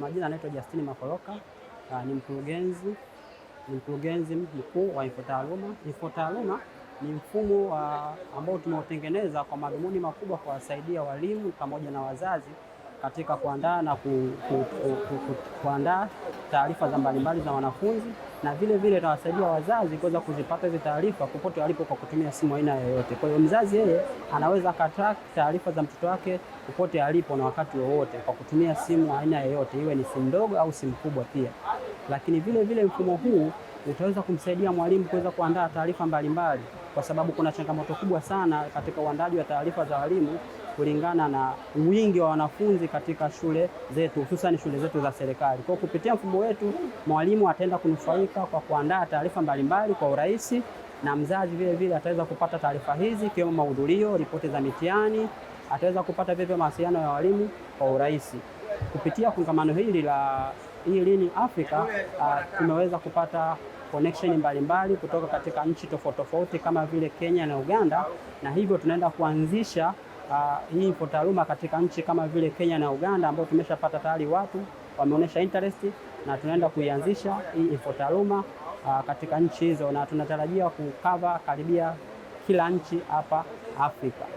Majina anaitwa Justine Makoloka, uh, ah, ni mkurugenzi ni mkurugenzi mkuu wa Infotaaluma. Infotaaluma ni mfumo uh, ambao tumeutengeneza kwa madhumuni makubwa kuwasaidia walimu pamoja na wazazi katika kuandaa na ku, ku, ku, ku, ku, kuandaa taarifa za mbalimbali za wanafunzi na vile vile tunawasaidia wazazi kuweza kuzipata hizo taarifa popote walipo kwa kutumia simu aina yoyote. Kwa hiyo mzazi yeye anaweza akatrack taarifa za mtoto wake popote alipo na wakati wowote kwa kutumia simu aina yoyote, iwe ni simu ndogo au simu kubwa pia. Lakini vile vile mfumo huu utaweza kumsaidia mwalimu kuweza kuandaa taarifa mbalimbali, kwa sababu kuna changamoto kubwa sana katika uandaji wa taarifa za walimu kulingana na wingi wa wanafunzi katika shule zetu, hususan shule zetu za serikali. Kwa kupitia mfumo wetu, mwalimu ataenda kunufaika kwa kuandaa taarifa mbalimbali kwa urahisi, na mzazi vile vile ataweza kupata taarifa hizi ikiwemo mahudhurio, ripoti za mitihani, ataweza kupata vile vile mawasiliano ya walimu kwa urahisi. Kupitia kongamano hili la e-learning Africa uh, tumeweza kupata connection mbalimbali kutoka katika nchi tofauti tofauti kama vile Kenya na Uganda, na hivyo tunaenda kuanzisha uh, hii ipo taaluma katika nchi kama vile Kenya na Uganda ambao tumeshapata tayari watu wameonyesha interest na tunaenda kuianzisha hii taaluma uh, katika nchi hizo, na tunatarajia kukava karibia kila nchi hapa Afrika.